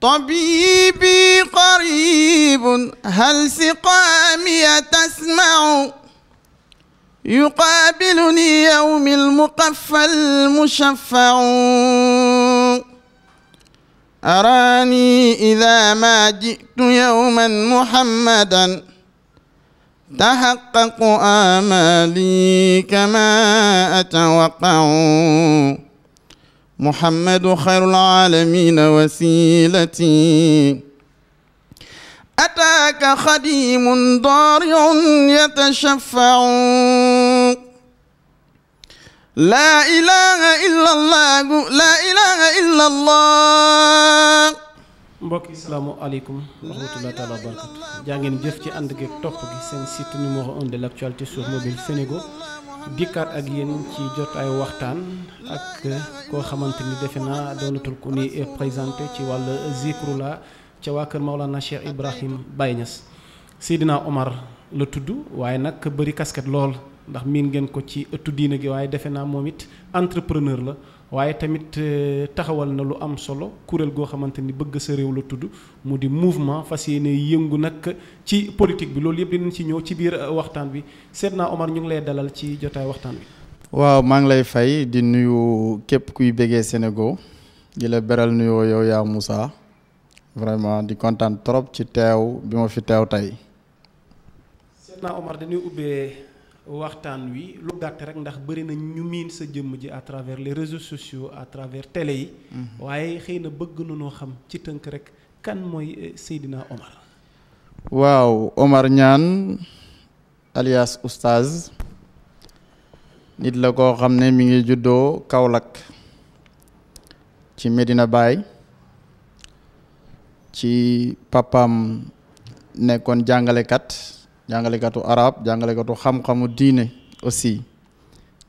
طبيبي قريب هل سقامي تسمع يقابلني يوم المقفى المشفع أراني إذا ما جئت يوما محمدا تحقق آمالي كما أتوقع محمد خير العالمين وسيلتي أتاك خديم ضارع يتشفع لا إله إلا الله لا إله إلا الله mbokk salaamaaleykum wa rahmatulah taala wa barakatu jaa ngeen jëf ci ànd gi topp gi seen site numéro 1 de l'actualité sur mobile Sénégal dikkaat ak yéen ci jotaayu waxtaan ak koo xamante ni defe naa doonatul ku ni présenté ci wàll wàllu la ca waa kër Maolana Cheikh Ibrahim Baye Niass Seydina Omar la tudd waaye nag bëri casquette lool ndax miin ngeen ko ci ëttu diine gi waaye defe naa moom it entrepreneur la. waaye tamit euh, taxawal na lu am solo kuréel goo xamante ni bëgg sa réew la tudd mu di mouvement fas yéene yëngu nag ci politique bi loolu yëpp dinañ ci ñëw ci biir euh, waxtaan bi seet naa Omar ñu ngi lay dalal ci jotaay waxtaan bi. waaw maa ngi lay fay di nuyu képp kuy bëggee Sénégal di la beral nuyoo yow yaa Moussa vraiment di kontaan trop ci teew bi ma fi teew tey. seet naa Omar dañuy ubbee. waxtaan wi lu gàtt rek ndax bëri na ñu miin sa jëmm ji à travers les réseaux sociaux à travers télé yi. Mm-hmm. waaye xëy na bëgg na noo xam ci tënk rek kan mooy eh, Seydina Omar. waaw Omar Niane alias Oustaz nit la koo xam ne mi ngi juddoo Kaolack ci Medina baay ci papam nekkoon jàngalekat. jàngalekatu arab jàngalekatu xam-xamu diine aussi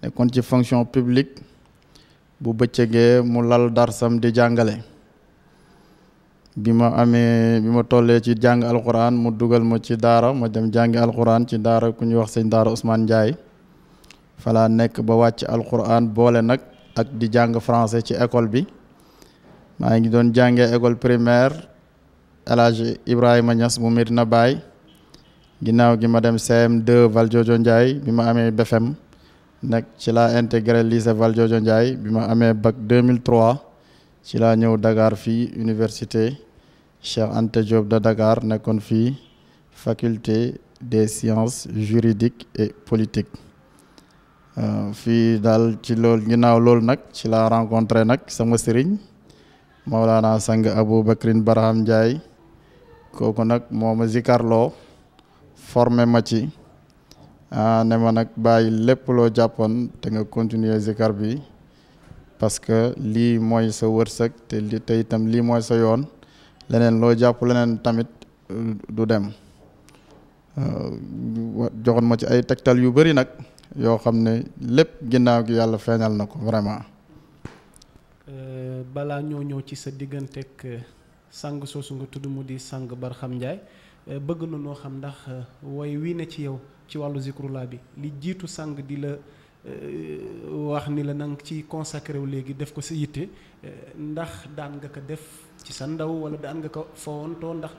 nekkoon ci fonction publique bu bëccëgee mu lal darsam di jàngale bi ma amee bi ma tollee ci jàng alxuraan mu dugal ma ci daara ma dem jàngi alxuraan ci daara ku ñuy wax sëñ daara Ousmane Ndiaye falaa nekk ba wàcc alxuraan boole nag ak di jàng français ci école bi maa ngi doon jànge école primaire El Hadj Ibrahima Niass mu Medina Baye ginnaaw gi ma dem CM2 Valdiodio Ndiaye bi ma amee BFM nag ci laa intégré val Valdiodio Ndiaye bi ma amee bac 2003 ci laa ñëw Dakar fii université Cheikh ante Diop de Dakar nekkoon fii faculté des sciences juridiques et politiques euh, fii daal ci lool ginnaaw loolu nag ci la rencontré nag sama sëriñ Maolana Sang Abou Bakrin Barham Ndiaye kooku nag moo ma zikarloo formé ma ci ah, ne ma nag bàyyi lépp loo jàppoon te nga continuer zikar bi parce que lii mooy sa wërsëg te li te itam lii mooy sa yoon leneen loo jàpp leneen tamit euh, du dem euh, joxoon ma ci ay tegtal yu bari nag yoo xam ne lépp ginnaaw gi yàlla feeñal na ko vraiment. Euh, balaa ñoo ñëw ci sa diggante digganteeg sang su nga tudd mu di sang xam Ndiaye. Euh, bëgg na noo xam ndax euh, way wii ne ci yow ci wàllu zikrullah bi li jiitu sang di la euh, wax ni la nang ci consacré wu léegi def ko sa yitte ndax daan nga ko def ci sa ndaw wala daan nga ko fowantoo ndax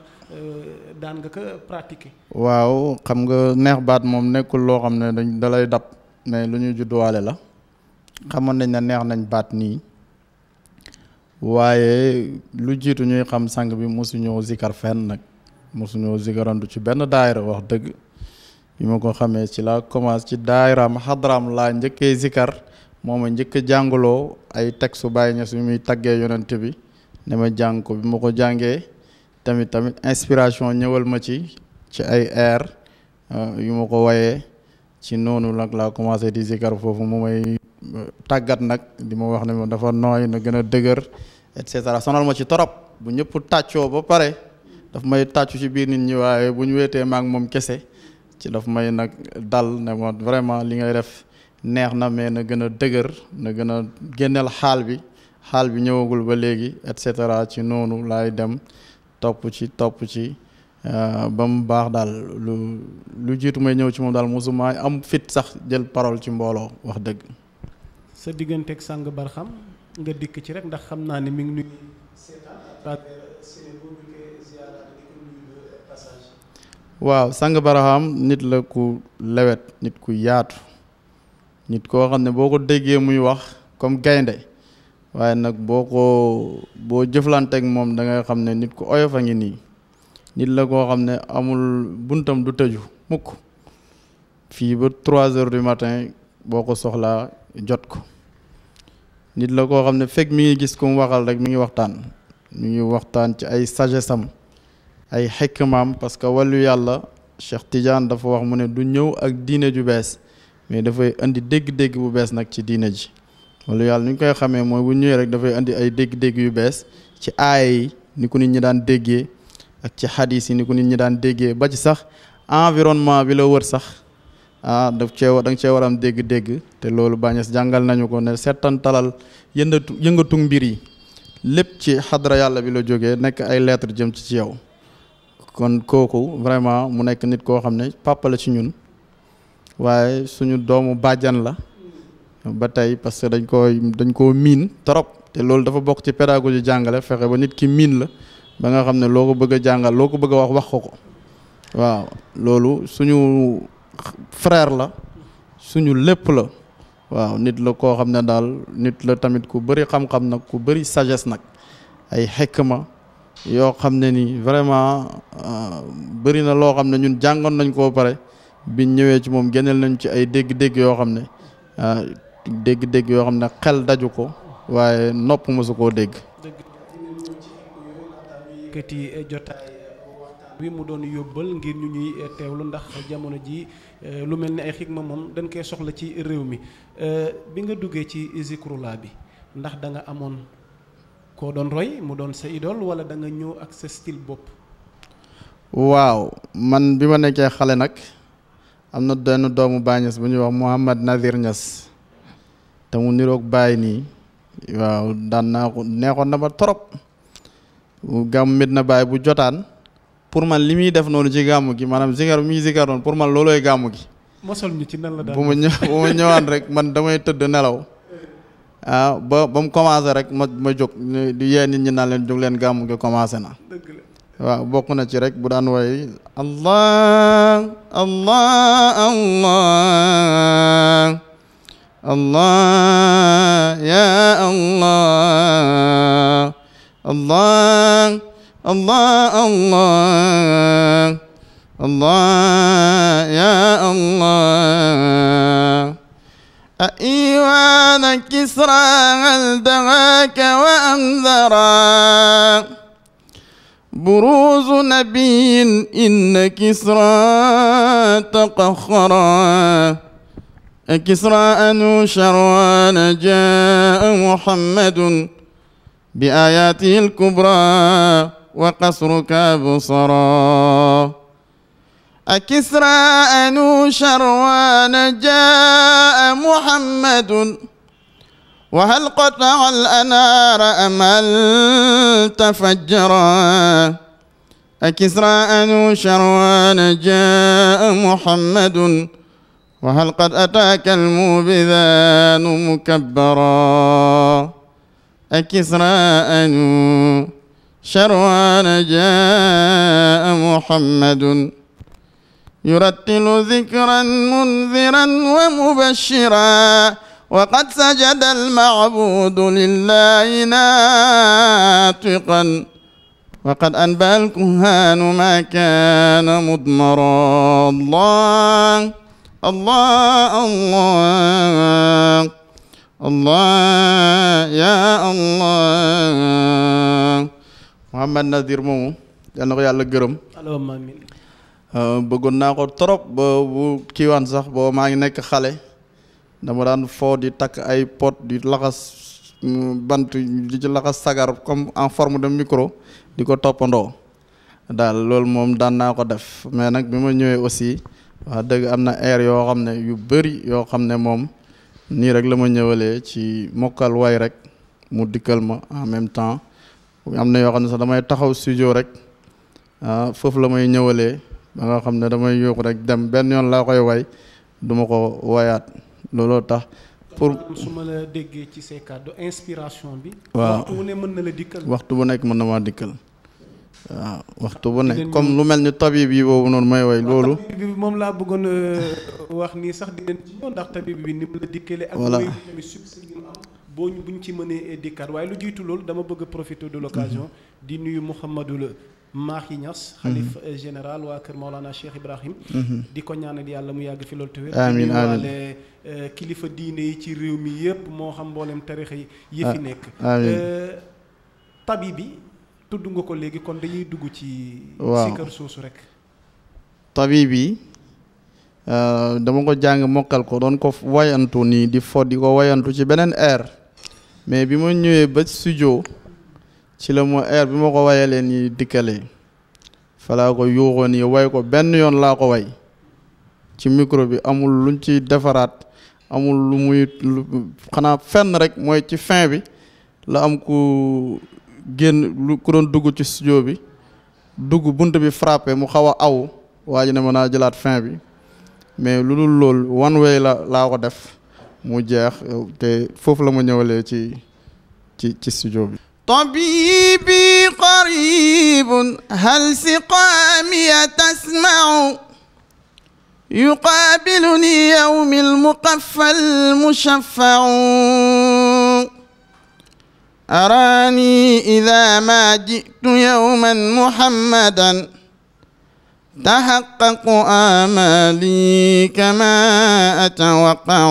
daan nga ko pratiquer. waaw xam nga neex baat moom nekkul loo xam ne dañ da lay dab mais lu ñu judduwaale la xamoon nañ ne neex nañ baat nii waaye lu jiitu ñuy xam sang bi mosuñoo ñëw zikar fenn nag. mosuñoo zigarandu ci benn daayira wax dëgg bi ma ko xamee ci laa commencé ci daayiraam xadraam laa njëkkee zikar a njëkk a jàngaloo ay texte Baay Ñas yu muy taggee yonent bi ne ma jàng bi ma ko jàngee tamit tamit inspiration ñëwal ma ci ci ay air euh, yu ma ko wayee ci noonu nag laa commencé di zikar foofu mu may euh, tàggat nag di ma wax na ma dafa nooy na gën a dëgër et cetera sonal ma ci torop bu ñëpp tàccoo ba pare dafa may tàccu ci biir nit ñi waaye bu ñu wéetee maak moom kese ci daf may nag dal ne ma vraiment li ngay def neex na mais na gën a dëgër na gën a génneel xaal bi xaal bi ñëwagul ba léegi et cetera ci noonu laay dem topp ci topp ci euh, ba mu baax daal lu jiitu may ñëw ci moom daal mosuma am fit sax jël parole ci mbooloo wax dëgg. sa digganteeg sàng barxam nga dikk ci rek ndax xam naa ni mi ngi waaw sang Barham nit la ku lewet nit ku yaatu nit koo xam ne boo ko déggee muy wax comme gaynde waaye nag boo ko boo jëflanteek moom dangay xam ne nit ku oyof a ngi nii nit la koo xam ne amul buntam du tëju mukk fii ba trois heures du matin boo ko soxlaa jot ko nit la koo xam ne fekk mi ngi gis ku waxal rek mi ngi waxtaan mi ngi waxtaan ci ay sagesse am ay xikmaam parce que wallu yàlla Cheikh Tidiane dafa wax mu ne du ñëw ak diine ju bees mais dafay indi dégg-dégg bu bees nag ci diine ji wàllu yàlla ni ñu koy xamee mooy bu ñëwee rek dafay indi ay dégg-dégg yu bees ci aaya yi ni ku nit ñi daan déggee ak ci xadis yi ni ko nit ñi daan déggee ba ci sax environnement bi la wër sax ah daf cee da cee war am dégg-dégg te loolu bàñes jàngal nañu ko ne seetan talal yëngatu yëngatu mbir yi lépp ci xadra yàlla bi la jógee nekk ay lettre jëm ci ci yow kon kooku vraiment mu nekk nit koo xam ne papa la ci ñun waaye suñu doomu bàjjan la ba tey parce que dañ koy dañ koo miin trop te loolu dafa bokk ci pédagogie jàngale fexe ba nit ki miin la ba nga xam ne loo ko bëgg a jàngal loo ko bëgg wax wax ko waaw loolu suñu frère la suñu lépp la waaw nit la koo xam ne daal nit la tamit ku bari xam-xam nag ku bari sagesse nag ay xekma yoo xam ne ni vraiment euh, bëri na loo xam ne ñun jàngoon nañ ko pare biñ ñëwee ci moom génneel nañ ci ay dégg-dégg yoo xam ne euh, dégg-dégg yoo xam ne xel daju ko waaye nopp mosu koo dégg. jot eh, jotaay bi mu doon yóbbal ngir ñu ñuy eh, teewlu ndax jamono ji eh, lu mel ni ay xikma moom dañ koy soxla ci réew mi bi nga duggee ci zikrullah bi ndax danga amoon. koo doon roy mu doon sa idole wala danga nga ñëw ak sa style bopp. waaw man bi ma nekkee xale nag am na benn doomu Baay bu ñuy wax Mouhamad Nazir Ñas te mu niroog Baay nii waaw daan naa ko neexoon na ma trop gàmm mit na Baay bu jotaan pour man li muy def noonu ci gàmm gi maanaam zikar mi zikar noonu pour man loolooy gàmm gi. mosal ñu ci nan la bu ma ñëwaan rek man damay tëdd nelaw. ah ba ba mu commencé rek ma ma jóg di yee nit ñi leen jóg leen gàmm gi commencé na waaw bokk na ci rek bu daan woy allah allah allah allah ya allah allah allah allah allah ya allah أإيوان كسرى هل دعاك وأنذرا بروز نبي إن كسرى تقخرا كسرى أنوشروان جاء محمد بآياته الكبرى وقصرك بصرا أكسرى أنو شروان جاء محمد وهل قطع الأنار أم هل تفجرا أكسرى أنو شروان جاء محمد وهل قد أتاك المبذان مكبرا أكسرى أنو شروان جاء محمد يرتل ذكرا منذرا ومبشرا وقد سجد المعبود لله ناطقا وقد أنبأ الكهان ما كان مضمرا الله الله الله Allah ya Allah Muhammad Nazir moomu yal na ko yàlla gërëm. allahumma amin Euh, bëggoon naa ko trop ba bu kiiwaan sax boo maa ngi nekk xale dama daan foo di takk ay pot di laxas mm, bant di ci laxas sagar comme en forme de micro di ko toppandoo daal loolu moom daan naa ko def mais nag bi ma ñëwee aussi wax dëgg am na air yoo xam ne yu bëri yoo xam ne moom nii rek la ma ñëwalee ci mokkal way rek mu dikkal ma en même temps am na yoo xam ne sax damay taxaw studio rek ah, foofu la may ñëwalee ba nga xam ne damay yuuxu rek dem benn yoon laa koy way du ko wayaat looloo tax. pour su ma la déggee ci say kàddu inspiration bi. waaw waxtu bu ne mën na la dikkal. waxtu bu nekk mën na maa dikkal. waaw waxtu bu nekk comme lu mel ni tabib yi boobu noonu may way loolu. tabib bi moom laa bëggoon euh, wax nii sax di leen ci ñëw ndax tabib bi ni mu la dikkalee. voilà ak tamit succès ñu am boo buñ ci mënee dikkaat waaye lu jiitu loolu dama bëgg a de l'occasion di nuyu la Mahi Niass. xalif général waa kër Maolana Cheikh Ibrahim. Mm-hmm. di ko ñaanal yàlla mu yàgg fi loolu tamit. amiin amiin kilifa diine yi ci réew mi yëpp moo xam mboolem tarix yi. yi ah, nekk. Eh, tabi bi tudd nga ko léegi kon dañuy dugg ci. waaw si kër soosu rek. tabi bi eh, dama ko jàng mokkal ko doon ko woyantu nii di fo di ko wayantu ci beneen air mais bi ma ñëwee ba studio. ci la ma air bi ma ko wayalee nii dikkalee falaa ko yuuxoo nii way ko benn yoon laa ko way ci micro bi amul luñ ci defaraat amul lu muy xanaa fenn rek mooy ci fin bi la am ku génn lu ku doon dugg ci studio bi dugg bunt bi frappé mu xaw a aw waa ji ne mën naa jëlaat fin bi mais lu dul loolu one way la laa ko def mu jeex te foofu la ma ñëwalee ci ci ci studio bi طبيبي قريب هل سقامي تسمع يقابلني يوم المقفى المشفع أراني إذا ما جئت يوما محمدا تحقق آمالي كما أتوقع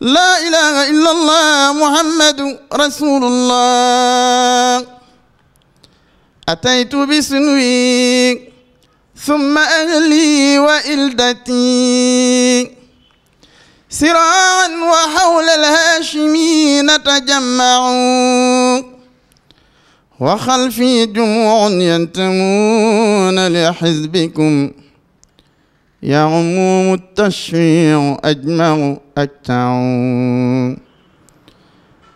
laa ilaha illa allah muhammadu rasulullah ataytu bisunwi ثم أهلي وإلدتي سراعا وحول الهاشمين تجمعوا وخلفي جموع ينتمون لحزبكم يوم التشفيع أجمع أكتعون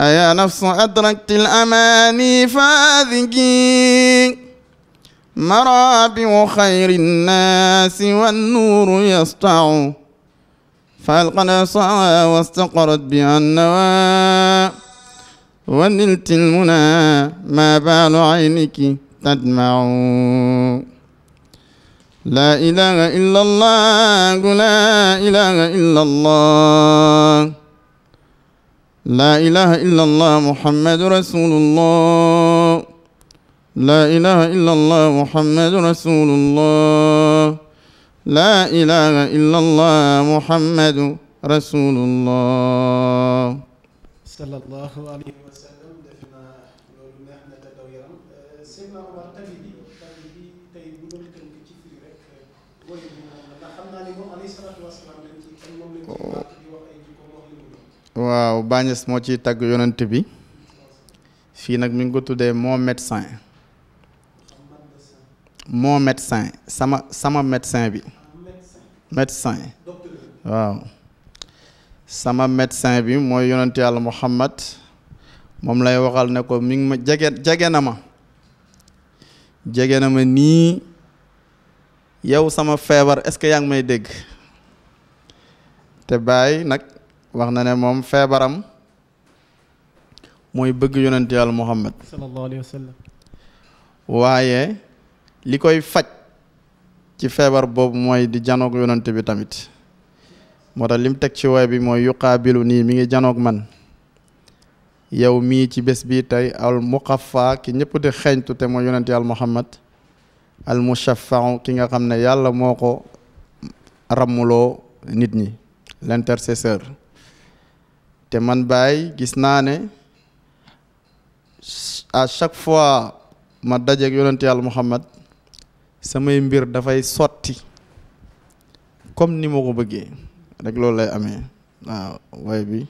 أيا نفس أدركت الأماني فاذقي مرابع خير الناس والنور يسطع فالقى صعى واستقرت بها النوى ونلت المنى ما بال عينك تدمع لا إله إلا الله لا إله إلا الله لا إله إلا الله محمد رسول الله لا إله إلا الله محمد رسول الله لا إله إلا الله محمد رسول الله صلى الله عليه وسلم waaw Bañes moo ci tagg yonant bi fii nag mi ngi ko tuddee mon médecin mon médecin sama sama médecin bi médecin waaw sama médecin bi mooy yonent yàlla Muhammad moom lay waxal ne ko mi ngi ma jege jege na ma jege na ma nii yow sama feebar est-ce que yaa ngi may dégg te bàyyi nag wax na ne moom feebaram mooy bëgg yonent yàlla Muhammad waaye li koy faj ci feebar boobu mooy di janook yonent bi tamit moo tax lim teg ci woy bi mooy yuqaabilu nii mi ngi janook man yow mii ci bés bii tey al muqaffa ki ñëpp di xeeñtu te mooy yonent yàlla Muhammad al mushaffahu ki nga xam ne yàlla moo ko rammuloo nit ñi l'intercesseur te man baay gis naa ne à chaque fois ma dajeeg yonent yàlla Muhammad samay mbir dafay sotti comme ni ma ko bëggee rek loolu lay amee waaw way bi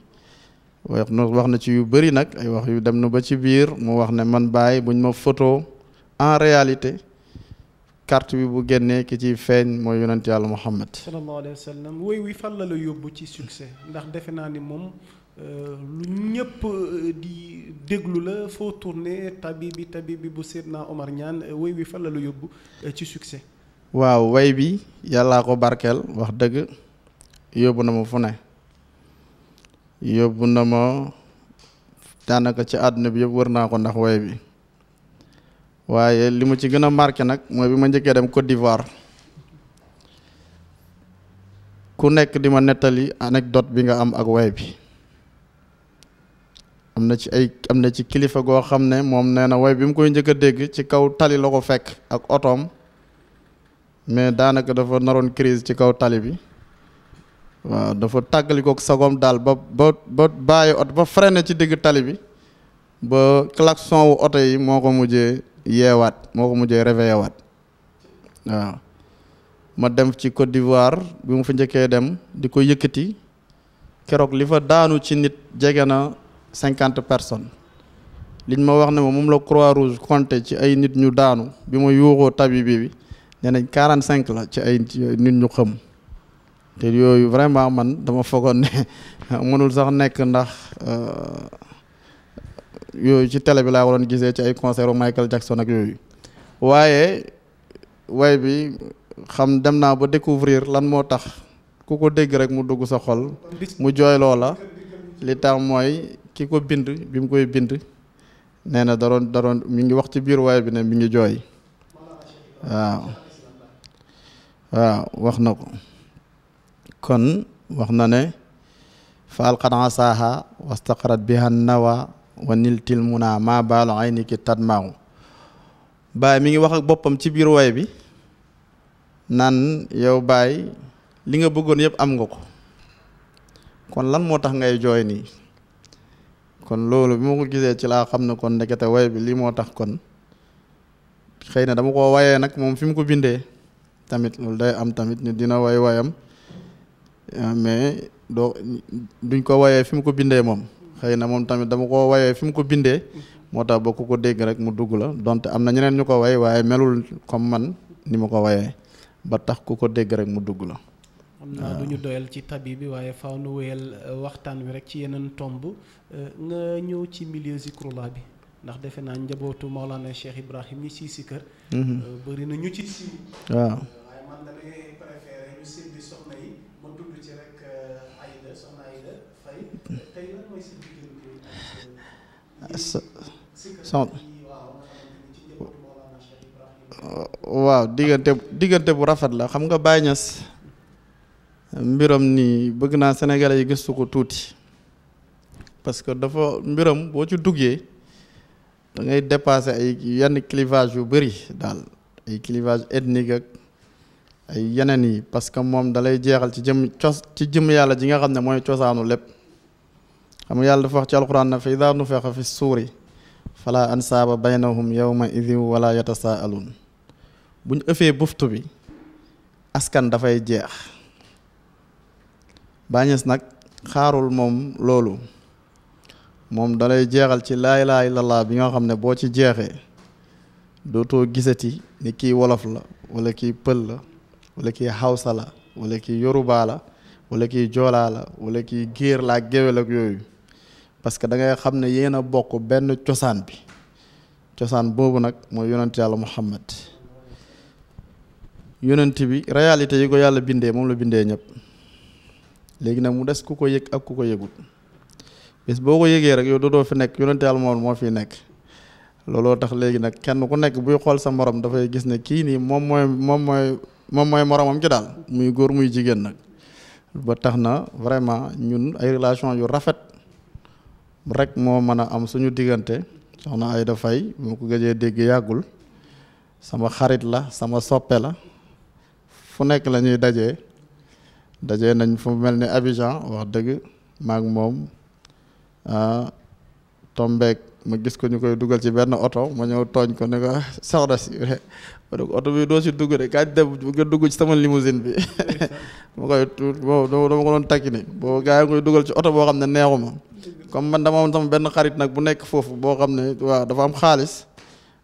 wax na wax na ci yu bëri nag ay wax yu dem na ba ci biir mu wax ne man Baye buñ ma photo en réalité carte bi bu génnee ki ciy feeñ mooy yonent yàlla Muhammad. sallallahu alayhi wa sallam woy wi fan yóbbu ci succès ndax defe naa ni moom euh, lu ñëpp euh, déglu la foo tourné tabibi tabibi bu Seydina Omar Niane woy wi fan la la yóbbu euh, ci succès. waaw way bi yàllaa ko barkeel wax dëgg yóbbu na ma fu ne yóbbu na ma daanaka ci àdduna bi yëpp wër naa ko ndax way bi. waaye li ma ci gën a marqué nag mooy bi ma njëkkee dem Côte d'Ivoire ku nekk di ma nettali anecdote bi nga am ak way bi am na ci ay am na ci kilifa goo xam ne moom nee na way bi mu koy njëkk a dégg ci kaw tali la ko fekk ak otoom mais daanaka dafa naroon crise ci kaw tali bi waaw dafa tàggali ko sagoom daal ba ba ba bàyyi oto ba freiné ci dégg tali bi ba klaxon oto yi moo ko mujjee yeewaat moo ko mujjee réveillé waat waaw ma dem ci Côte d'Ivoire bi mu fa njëkkee dem di ko yëkkati keroog li fa daanu ci nit jege na cinquante personne liñ ma wax ne ma moom la croix rouge compté ci ay nit ñu daanu bi ma yuuxoo tabi bi bi nañ quarante cinq la ci ay nit ñu xam te yooyu vraiment man dama foogoon ne mënul sax nekk ndax euh, yooyu ci télé bi laa waroon gisee ci ay concert Michael Jackson ak yooyu waaye way bi xam dem naa ba découvrir lan moo tax ku ko dégg rek mu dugg sa xol mu jooy loola li tax mooy ki ko bind bi mu koy bind nee na daroon daroon mi ngi wax ci biir waay bi ne mi ngi jooy waaw wax na ko kon wax na ne faal xanaa saaha wastaqarat biha nawa wa niltil munaa maa baalu ay ni ki tatmaahu baay mi ngi wax ak boppam ci biir way bi naan yow baay li nga bëggoon yëpp am nga ko kon lan moo tax ngay jooy nii kon loolu bi ma gisee ci laa xam ne kon ndekete way bi lii moo tax kon xëy na dama ko wayee nag moom fi mu ko bindee tamit loolu day am tamit nit dina way wayam eh, mais doo duñ ko wayee fi mu ko bindee moom xëy na moom tamit dama ko wayee fi mu ko bindee moo tax ba ku ko dégg rek mu dugg la donte am na ñeneen ñu ko way waaye melul comme man ni ma ko wayee ba tax ku ko dégg rek mu dugg la am naa du ñu doyal ci tabi bi waaye faaw nu wéyal euh, waxtaan wi rek ci yeneen tomb euh, nga ñëw ci milieu Zikroulah bi ndax defe naa njabootu Maolana Cheikh Ibrahim ñi ci si kër mhm. euh, bëri ñu ci si waaw waaye ci son waaw diggante diggante bu rafet la xam nga Baye Niass mbiram nii bëgg naa sénégalais yi gëstu ko tuuti parce que dafa mbiram boo ci duggee dangay dépasé ay yenn clivage yu bëri daal ay clivage ethnique ak ay yeneen yi parce que moom dalay jeexal ci jëm cos ci jëm yàlla ji nga xam ne mooy cosaanu lépp xam nga yàlla dafa wax ci alquran na fa ida nufixa fi suuri fala ansaaba baynahum yawma idin wala yatasaaluun buñ ëfee buftu bi askan dafay jeex bàññees nag xaarul moom loolu moom dalay jeexal ci laa ilaaha illallaah bi nga xam ne boo ci jeexee dootoo gisati ni kii wolof la walla kii pël la wala kii hawsa la wala kii yorubaa la wala kii joolaa la wala kii géer la géwél ak yooyu parce que da ngay xam ne yéen a bokk benn cosaan bi cosaan boobu nag mooy yonent yàlla muhammad yonent bi réyalité yi ko yàlla bindee moom la bindee ñëpp léegi nag mu des ku ko yëg ak ku ko yëgut bis boo ko yëgee rek yow doo fi nekk yonent yàlla moo fi nekk looloo tax léegi nag kenn ku nekk buy xool sa morom dafay gis ne kii nii moom mooy moom mooy moom mooy moromam ci daal muy góor muy jigéen nag ba tax na vraiment ñun ay relation yu rafet rek moo mën a am suñu diggante soxna Aida Faye moo ko gëjee dégg yàggul sama xarit la sama soppe la fu nekk la ñuy dajee dajee nañ fu mel ni Abidjan wax dëgg maak moom ah, tombeek ma gis ko ñu koy dugal ci benn oto ma ñëw tooñ ko ne ko soxna si ma ne ko oto bi doo si dugg de kañ dem nga dugg ci sama limousine bi ma koy tuut boobu dama gaa yi koy dugal ci oto boo xam ne neexu ma comme man dama am sama benn xarit nag bu nekk foofu boo xam ne waa dafa am xaalis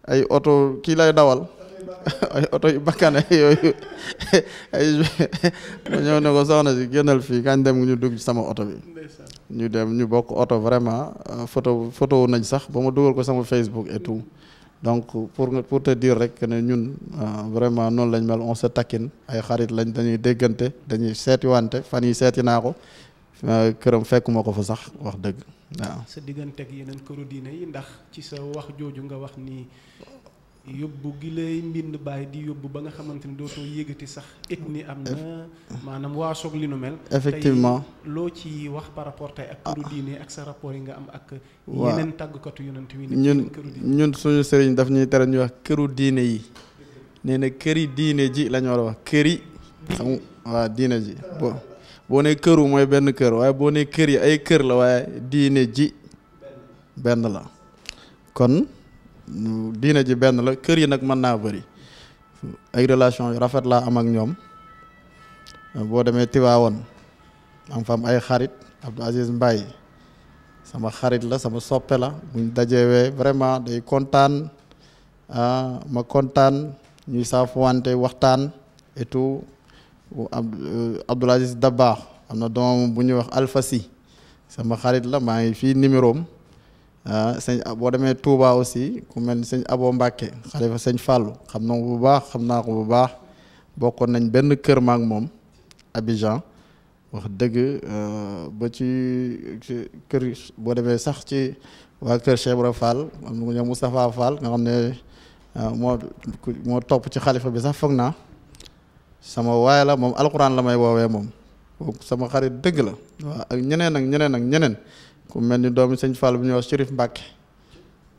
ay oto kii lay dawal ay oto yu bakkane yooyu ay ma ñëw ne ko soxna si génnal fii kañ dem ñu dugg ci sama oto bi ñu dem ñu bokk oto vraiment euh, photo photo nañ sax ba ma dugal ko sama Facebook et tout donc pour pour te diir rek que ne ñun euh, vraiment noonu lañ mel on se ay xarit lañ dañuy déggante dañuy seetiwante fan yi seeti naa ko euh, këram fekkuma ko fa sax wax dëgg waaw. sa diggante ak yeneen këru diine yi ndax ci sa wax jooju nga wax nii yóbbu gi lay mbind bàyyi di yóbbu ba nga xamante ni dootoo yëgati sax etni am na maanaam waasoog li nu mel. effectivement loo ci wax par rapport tey ak këru diine ak sa rapport yi nga am ak. waaw yeneen tàggkatu yonent wi ñun ñun daf ñuy tere ñuy wax këru diine yi nee na këri diine ji la ñu wax këri. xam waa diine ji boo boo nee këru mooy benn kër waaye boo nee kër yi ay kër la waaye diine ji benn la kon. diine ji benn la kër yi nag mën naa bëri ay relation yu rafet laa am ak ñoom boo demee Tiwaawoon am fa ay xarit Abdou Aziz mbay sama xarit la sama soppe la buñ dajewee vraiment day kontaan ah, ma kontaan ñuy saafuwante waxtaan et tout euh, Abdou Aziz Dabakh am na doomam bu ñuy wax Alpha Sy sama xarit la maa ngi fii numéro am ah sëñ ah, boo demee Touba aussi ku mel ni sëñ Abo Mbacke xalifa sëñ Fallou xam na ko bu baax xam naa ko bu baax bokkoon nañ benn kër maak moom Abidjan wax dëgg ah, ba ci kër boo demee sax ci waa kër Cheikh Ibra Fall am na ku ñëw Moustapha Fall nga xam ne ah, moo topp ci xalifa bi sax foog naa sama waaye la moom alxuraan la may woowee moom sama xarit dëgg la waaw ak ñeneen ak ñeneen ak ñeneen ku mel ni doomi sëñ Fall bu ñuy wax Chérif Mbacke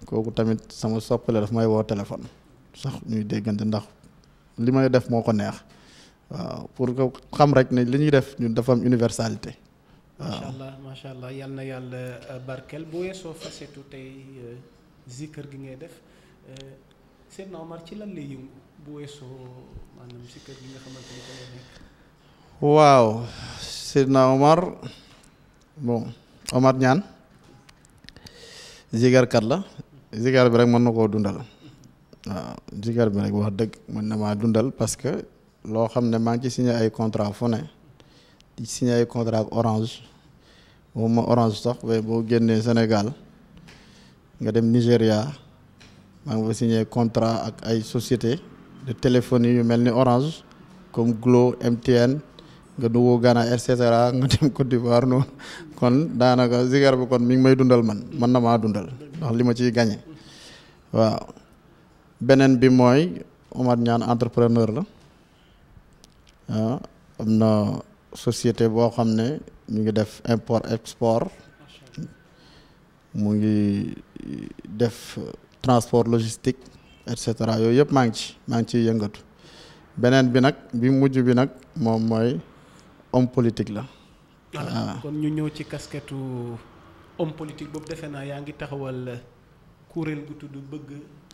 kooku tamit sama soppale daf may woo téléphone sax ñuy déggante ndax li may def moo ko neex waaw pour xam rek ne li ñuy def ñun dafa universalité. macha allah macha allah na yàlla euh, barkeel bu weesoo fasetu tey euh, gi ngay def euh, seen Omar ci lan lay yëngu nga xamante ni ko Omar Ñaan zigarkat la zigar bi rek mën na koo dundal waaw zigar bi rek wax dëgg mën na maa dundal parce que loo xam ne maa ngi ci signé ay contrat fone ne di ay contrat ak orange boobu ma orange sax waaye boo génnee Sénégal nga dem Nigéria maa ngi fa signé contrat ak ay société de yi yu mel ni orange comme Glo MTN nga dugg Ghana et cetera nga dem Côte d'Ivoire noonu kon daanaka zigar bi kon mi ngi may dundal man man na maa dundal ndax li ma ciy gañe waaw beneen bi mooy Omar ñaan entrepreneur la ah, am na société boo xam ne ñu ngi def import export mu ngi def transport logistique et cetera yooyu yëpp maa ngi ci maa ngi ciy yëngatu beneen bi nag bi mujj bi nag moom mooy homme politique la. voilà ah. kon ñu ñëw ci kasketu homme politique boobu defe naa yaa ngi taxawal kuréel bu tudd bëgg.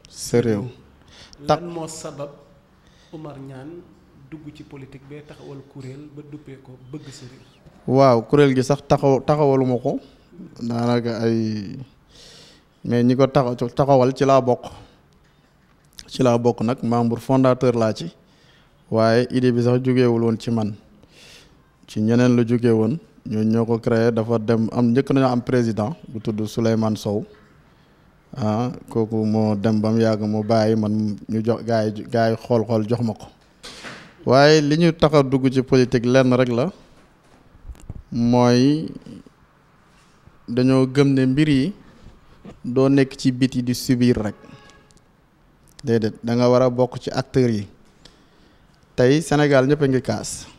sa réew. lan moo sabab Oumar ñaan dugg ci politique bee taxawal kuréel ba duppee ko bëgg sa réew. waaw kuréel gi sax taxaw taxawaluma ko daanaka ay mais ñi ko taxaw taxawal ci laa bokk ci laa bokk nag membre fondateur laa ci waaye idée bi sax jógeewul ci man. ci ñeneen la jóge woon ñoo ñoo ko créé dafa dem am njëkk nañoo am président bu tudd Souleymane Sow ah kooku moo dem ba mu yàgg mu bàyyi man ñu jox gaa yi xool-xool jox ma ko waaye li ñu tax dugg ci politique lenn rek la mooy dañoo gëm ne mbir yi doo nekk ci biti di subir rek déedéet danga nga war a bokk ci acteurs yi tey Sénégal ñëpp a ngi kaas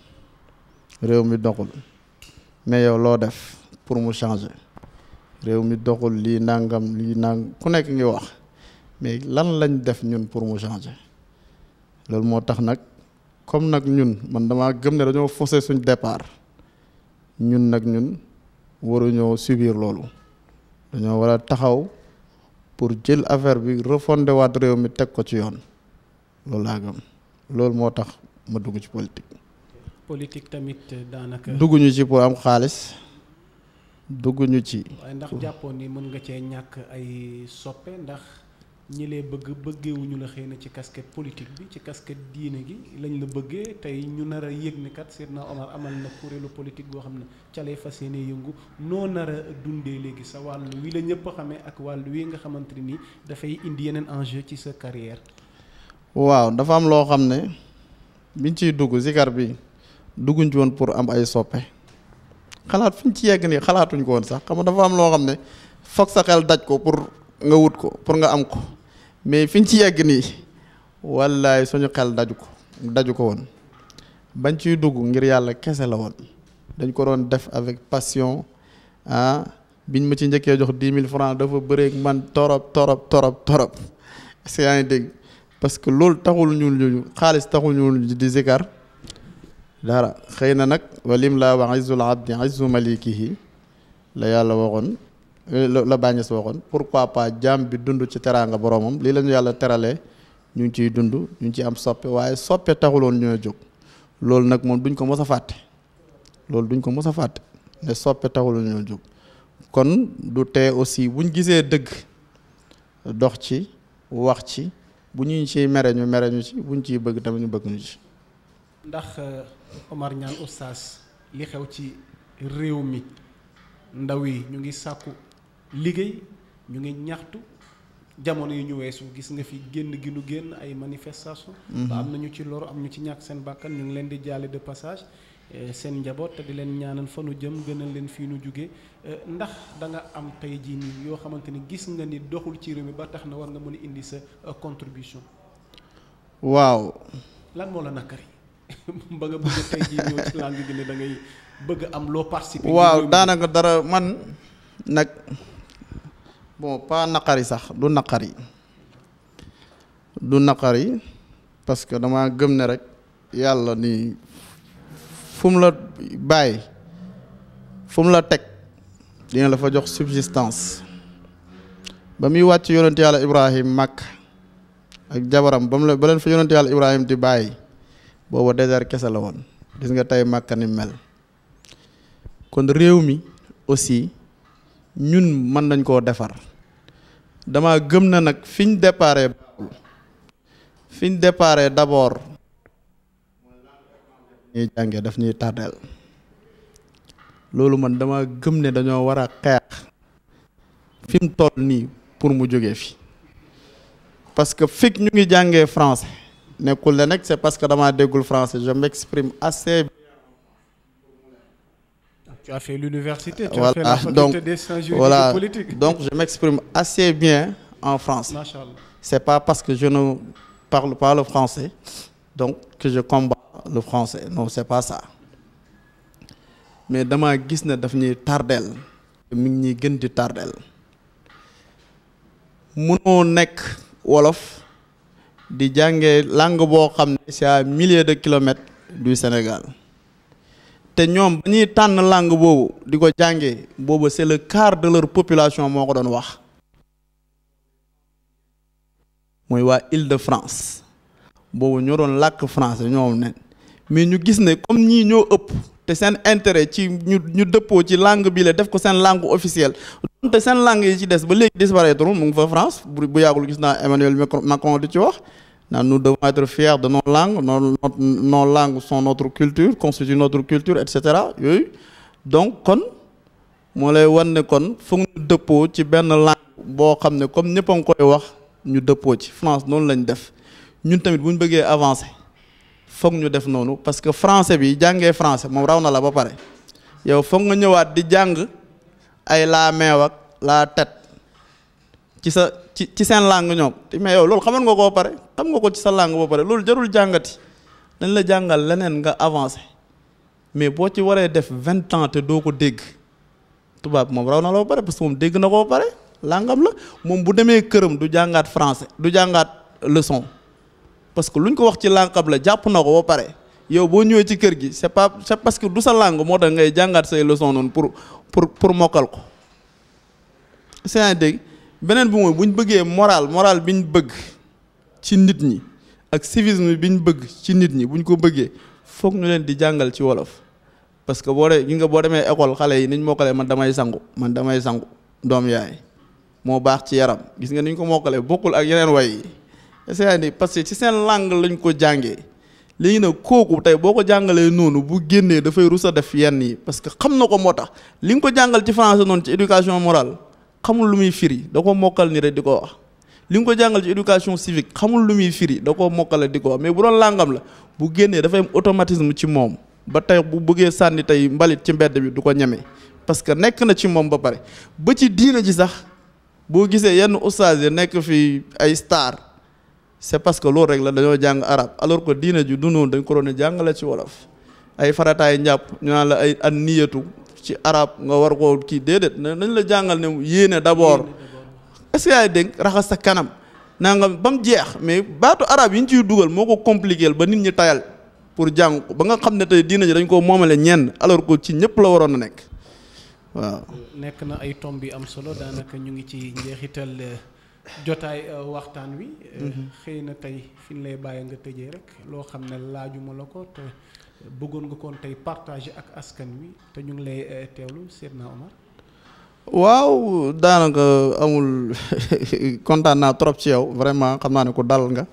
réew mi doxul mais yow loo def pour mu changer réew mi doxul lii nangam lii nang ku nekk ngi wax mais lan lañ def ñun pour mu changer loolu moo tax nag comme nag ñun man damaa gëm ne dañoo faussé suñ départ ñun nag ñun waruñoo subir loolu dañoo war a taxaw pour jël affaire bi refondé waat réew mi teg ko ci yoon loolu laa gëm loolu moo tax ma dugg ci politique. politique tamit eh, daanaka. dugguñu ci pour am xaalis dugguñu ci. waaye ndax jàppoon ni mën nga cee ñàkk ay soppe ndax ñi lay bëgg bëggeewuñu la xëy na ci casquette politique bi ci casquette diine gi lañ la bëggee tey ñu nar a yëg ni kat na Omar amal na kuréelu politique boo xam ne ca lay fas yéene yëngu noo nar a dundee léegi sa wàll wi la ñëpp xamee ak wàll wi nga xamante nii dafay indi yeneen enjeu ci sa carrière. waaw dafa am loo xam ne biñ ciy dugg zikar bi. dugguñ ci woon pour am ay soppe xalaat fuñ ci yegg nii xalaatuñ ko woon sax xam nga dafa am loo xam ne foog sa xel daj ko pour nga wut ko pour nga am ko mais fiñ ci yegg nii wallaay suñu xel daju ko daju ko woon bañ ciy dugg ngir yàlla kese la woon dañ ko doon def avec passion ah biñ ma ci njëkkee jox dix mille francs dafa bëreeg man torop torop torop torop yaa ngi dégg parce que loolu taxul ñuul ñu xaalis taxul ñuul di zikar dara xëy na nag walim laa wax wa izzul abdi izzu malikihi la yàlla woxoon eh, la bàññes pour pourquoi pas jaam bi dund ci teraanga boromam lii la yàlla teralee ñu ngi ciy dund ñu ngi ciy am soppe waaye soppe taxuloon ñoo jóg loolu nag moom duñ ko mos a fàtte loolu duñ ko mos a fàtte ne soppe taxuloon ñoo jóg kon du tee aussi buñ gisee dëgg dox ci wax ci bu ñu ciy mere ñu mere ñu buñ ciy bëgg tamit ñu bëgg ñu ci ndax euh, Omar Niane oustaz li xew ci réew mi ndaw yi ñu ngi sàkku liggéey ñu ngi ñaxtu jamono yi ñu weesu gis nga fi génn gi nu génn ay manifestation mhm. ba am na ñu ci loru am ñu ci ñàkk seen bàkkan ñu ngi leen di jaale de passage eh, seen njaboot te di leen ñaanal fa nu jëm gënal leen fii nu jóge eh, ndax danga am tey jii nii yoo xamante ni gis nga ni doxul ci réew mi ba tax na war nga mën a indi sa eh, contribution waaw lan moo la nakari ba nga bëgg tey bëgg am loo waaw daanaka dara man nag bon naqari sax du naqari du naqari parce que dama gëm ne rek yàlla ni fu la bàyyi fu la teg dina la fa jox subsistance ba muy wàcc yonent yàlla Ibrahim màkk ak jabaram ba mu la ba leen fa yonent yàlla Ibrahim di bàyyi. booba désert kese la woon gis nga tey màkkani ni mel kon réew mi aussi ñun mën nañ koo defar dama gëm na nag fi ñu déparé baaxul fi ñu déparé d'abord ñuy jànge daf ñuy tardeel loolu man dama gëm ne dañoo war a xeex fi mu toll nii pour mu jógee fi parce que fik ñu ngi jàngee france nekkul ne nag c'est parce que damaa déggul français je m'exprime assez Tu as fait l'université, donc, des sciences voilà, politiques. Donc je m'exprime assez bien en français. C'est pas parce que je ne parle pas le français donc que je combats le français. Non, c'est pas ça. Mais dama gis ne daf ñuy tardeel mi ngi ñuy gën di tardeel. Munoo nekk wolof di jànge langue boo xam ne c'est à milliers de kilomètres du Sénégal te ñoom ba ñuy tànn langue boobu di ko jàngee boobu c'est le quart de leur population moo ko doon wax mooy waa Île-de-France boobu ñoo doon làkk français ñoom nen mais ñu gis ne comme ñii ñoo ëpp te seen intérêt ci ñu ñu dëppoo ci langue bi la def ko seen langue officielle donte seen langue yi ci des ba léegi disparaître mu ngi fa France bu yàggul gis naa Emmanuel Macron di ci wax nous devons être fiers de non langues, nos, nos, nos langues sont notre culture, constituent notre culture, et cetera yooyu donc kon moo lay wan ne kon foog ñu dëppoo ci benn langue boo xam ne comme ñëpp a koy wax ñu dëppoo ci France noonu lañ def ñun tamit bu ñu bëggee avancer foog ñu def noonu parce que français bi jàngee français moom raw na la ba pare yow foog nga ñëwaat di jàng ay la meew ak la ci sa ci ci seen langue ñoom mais yow loolu xamoon nga koo pare xam nga ko ci sa langue boo pare loolu jarul jàngati dañ la jàngal leneen nga avancé mais boo ci waree def vingt ans te doo ko dégg tubaab moom raw na loo pare parce que moom dégg na koo pare langam la moom bu demee këram du jàngaat français du jàngaat leçon parce que luñ ko wax ci langam la jàpp na ko ba pare yow boo ñëwee ci kër gi c'est pas c'est parce que du sa langue moo tax ngay jàngaat say leçon noonu pour pour pour mokkal ko dégg beneen bi mooy bu ñu bëggee moral moral bi ñu bëgg ci nit ñi ak civisme bi ñu bëgg ci nit ñi buñ ko bëggee foog ñu leen di jàngal ci wolof parce que boo dee gi nga boo demee école xale yi niñ mokkalee man damay sangu man damay sangu doom yaay moo baax ci yaram gis nga niñ ko mokkalee bokkul ak yeneen way yi essaye ni parce que ci seen langue lañ ko jàngee léegi nag kooku tey boo ko jàngalee noonu bu génnee dafay rus a def yenn yi parce que xam na ko moo tax li nga ko jàngal ci français noonu ci éducation morale xamul lu muy firi da ko mokkal ni rek di ko wax li nga ko jàngal ci éducation civique xamul lu muy firi da ko mokkal di ko wax mais bu doon làngam la bu génnee dafay am automatisme ci moom ba tey bu bëggee sànni tey mbalit ci mbedd bi du ko ñeme parce que nekk na ci moom ba pare ba ci diina ji sax boo gisee yenn ustaas yi nekk fi ay star c'est parce que loolu rek la dañoo jàng arab alors que diina ji du noonu dañ ko doon jàngale ci wolof ay farataay njàpp ñu la ay an niyatu ci arab nga war koo kii déedéet nañ la jàngal ne yéene d'abord est-ce que yaay dégg raxas sa kanam naa ba mu jeex mais baatu arab yi ñu ciy dugal moo ko compliqué ba nit ñi tayal pour jàng ko ba nga xam ne tey diina ji dañ koo moomale ñenn alors que ci ñëpp la waroon a nekk waaw. nekk na ay tomb bi am solo daanaka ñu ngi ci njeexital euh, jotaay euh, waxtaan wi. Euh, mhm. xëy na tey fi ñu lay bàyyi nga tëjee rek loo xam ne laajuma la ko bëggoon nga koon tey partagé ak askan wi te ñu ngi lay eh, teewlu Seydina Omar. waaw daanaka amul kontaan naa trop ci yow vraiment xam naa ne ku dal nga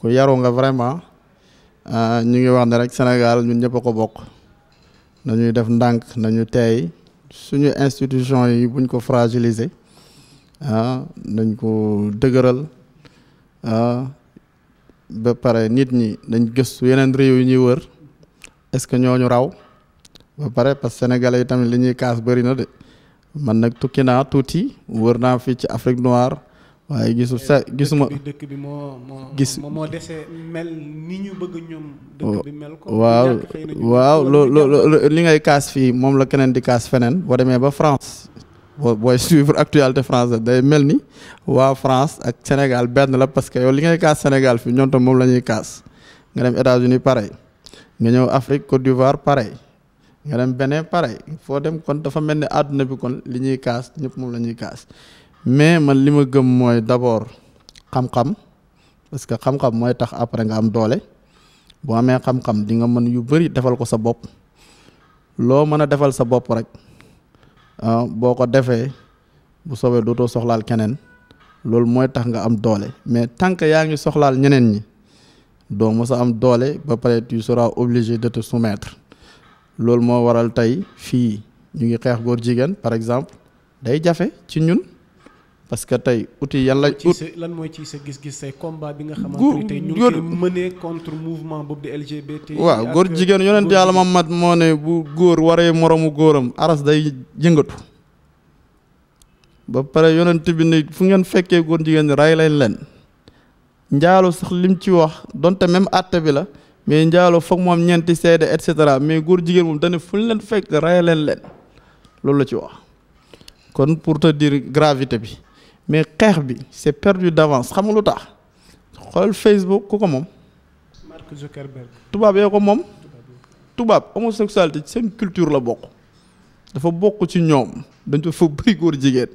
ku yaru nga vraiment ah, ñu ngi wax ne rek Sénégal ñun ñëpp ko bokk nañuy def ndànk nañu teey suñu institution yi buñ ko fragiliser ah nañ ko dëgëral ah, ba pare nit ñi dañ gëstu yeneen réew yi ñuy wër est-ce que ñooñu raw ba pare parce que sénégalais yi tamit li ñuy kaas bëri na de man nag tukki naa tuuti wër naa fii ci Afrique noire waaye gisu sa eh, gisuma dëkk bi moo gis moo dese mel ko oh, waaw loo li ngay kaas fii moom la keneen di kaas feneen boo demee ba France boo booy suivre actualité française day mel ni waa France ak Sénégal benn la parce que yow li ngay kaas Sénégal fii ñoom tam moom la ñuy kaas nga dem États-Unis pareil nga ñëw Afrique Côte d'Ivoire pare nga dem Benin pareil foo dem kon dafa mel ni àdduna bi kon li ñuy kaas ñëpp moom la ñuy kaas mais man li ma gëm mooy d'abord xam-xam parce que xam-xam mooy tax après nga am doole boo amee xam-xam di nga mën yu bëri defal ko sa bopp loo mën a defal sa bopp rek ah, boo ko defee bu soobee dootoo soxlaal keneen loolu mooy tax nga am doole mais tant yaa ngi soxlaal ñeneen ñi. doo mës a am doole ba pare tu seras obligé de te soumettre loolu moo waral tey fii ñu ngi xeex góor jigéen par exemple day jafe ci ñun parce que tey outil yan la. lan mooy ci sa gis-gis say combat bi nga xamante ni tey ñu ngi koy mënee contre mouvement boobu di LGBT. góor jigéen yonent yàlla ma mat moo ne bu góor waree moroomu góoram aras day yëngatu. ba pare yonent bi ne fu ngeen fekkee góor jigéen ñi rey leen leen. njaalo sax lim ci wax donte même àtte bi la mais njaalo foog moom ñeenti seede et cetera mais góor jigéen moom dane fu leen fekk rey leen leen loolu la ci wax kon pour te dire gravité bi mais xeex bi c'est perdu d'avance xam nga lu tax xool Facebook ku ko moom Mark tubaab yoo ko moom tubaab homosexualité seen culture la bokk dafa bokk ci ñoom dañ fa bëri góor jigéen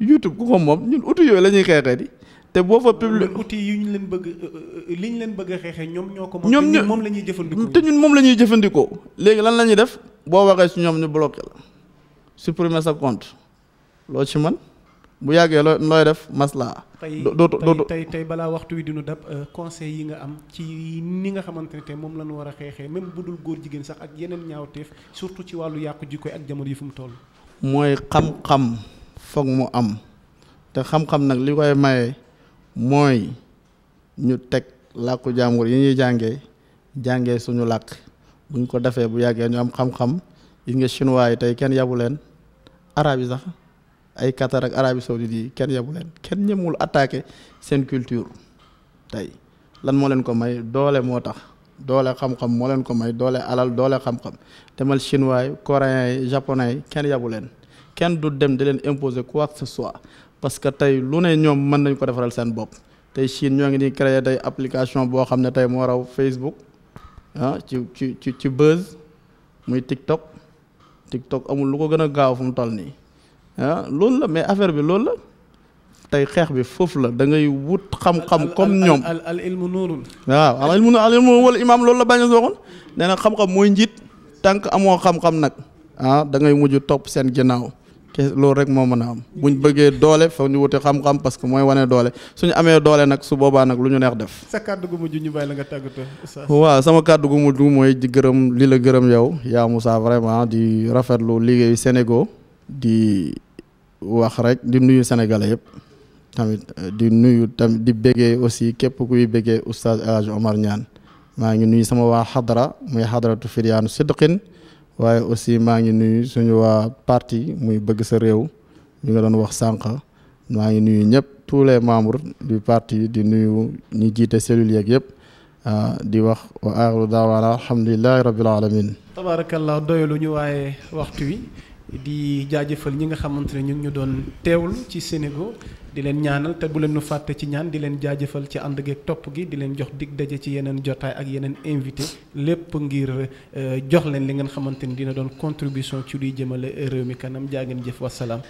YouTube ku ko moom ñun utu yooyu la ñuy xeexee di te boo fa public outil yi ñu leen bëgg euh, euh, li ñu leen bëgg a xeexee ñoom ñoo ko moom ñoom moom la ñuy jëfandikoo ñun moom la ñuy jëfandikoo léegi lan la ñuy def boo waxee si ñoom ñu bloqué la supprimer sa compte loo ci man bu yàggee loo looy def maslaa. doo tey tey balaa waxtu wi dinu dab euh, conseil yi nga am ci ni nga xamante ne te moom la ñu war a xeexee même bu dul góor jigéen sax ak yeneen ñaawteef surtout ci wàllu yàqu ji koy ak jamono yi fu mu toll. mooy xam-xam foog mu am te xam-xam nag li koy maye mooy ñu teg làkku jàmbur yi ñuy jàngee jàngee suñu làkk buñ ko defee bu yàggee ñu am xam-xam yi nga chinois yi tey kenn yabu leen arab yi sax ay Qatar ak Arabie Saoudite yi kenn yabu leen kenn ñemul attaqué seen culture tey lan moo leen ko may doole moo tax doole xam-xam moo leen ko may doole alal doole xam-xam demal chinois yi coréens yi japonais kenn yabu leen kenn du dem di leen imposer quoi que ce soit parce que tey lu ne ñoom mën nañ ko defaral seen bopp tey Chine ñoo ngi di créer tey application boo xam ne tey moo raw Facebook ah, ci ci ci ci buzz muy TikTok TikTok amul lu ko gën a gaaw fu mu toll nii ah, loolu la mais affaire bi loolu la tey xeex bi foofu la da ngay wut xam-xam comme ñoom. al al ilmu nuurun. waaw al ilmu al ilmu wala imaam loolu la bañ a waxoon nee na xam-xam mooy njiit tànk amoo xam-xam nag ah da ngay mujj topp seen ginnaaw. loolu rek moo mën a am buñ bëggee doole fa ñu wuti xam-xam parce que mooy wane doole suñu amee doole nag su boobaa nag lu ñu neex def. sa kàddu gu mujj ñu bàyyi la nga tàggatoo. sama kàddu gu mujj mooy di gërëm li la gërëm yow yaa Moussa vraiment di rafetlu liggéeyu Sénégal di wax rek di nuyu sénégalais yëpp. tamit euh, di nuyu tamit di béggee aussi képp kuy béggee oustaz El Hadj Omar Niane maa ngi nuyu sama waa xadara muy xadratu firyaanu sidqin waaye aussi maa ngi nuyu suñu waa parti muy bëgg sa réew ñu nga doon wax sànq maa ngi nuyu ñëpp tous les membres du parti di nuyu ñu jiite cellules yeeg yëpp ah, di wax wa aaxiru daawaana alhamdulillahi rabbil alamin tabarakallah doyalu ñu waaye waxtu wi di jaajëfal ñi nga xamante ne ñu ngi ñu doon teewul ci Sénégal di leen ñaanal te bu leen nu fàtte ci ñaan di leen jaajëfal ci ànd geeg topp gi di leen jox dig daje ci yeneen jotaay ak yeneen invité lépp ngir euh, jox leen li ngeen xamante ni dina doon contribution ci luy jëmale réew mi kanam jaa ngeen jëf wasalaam.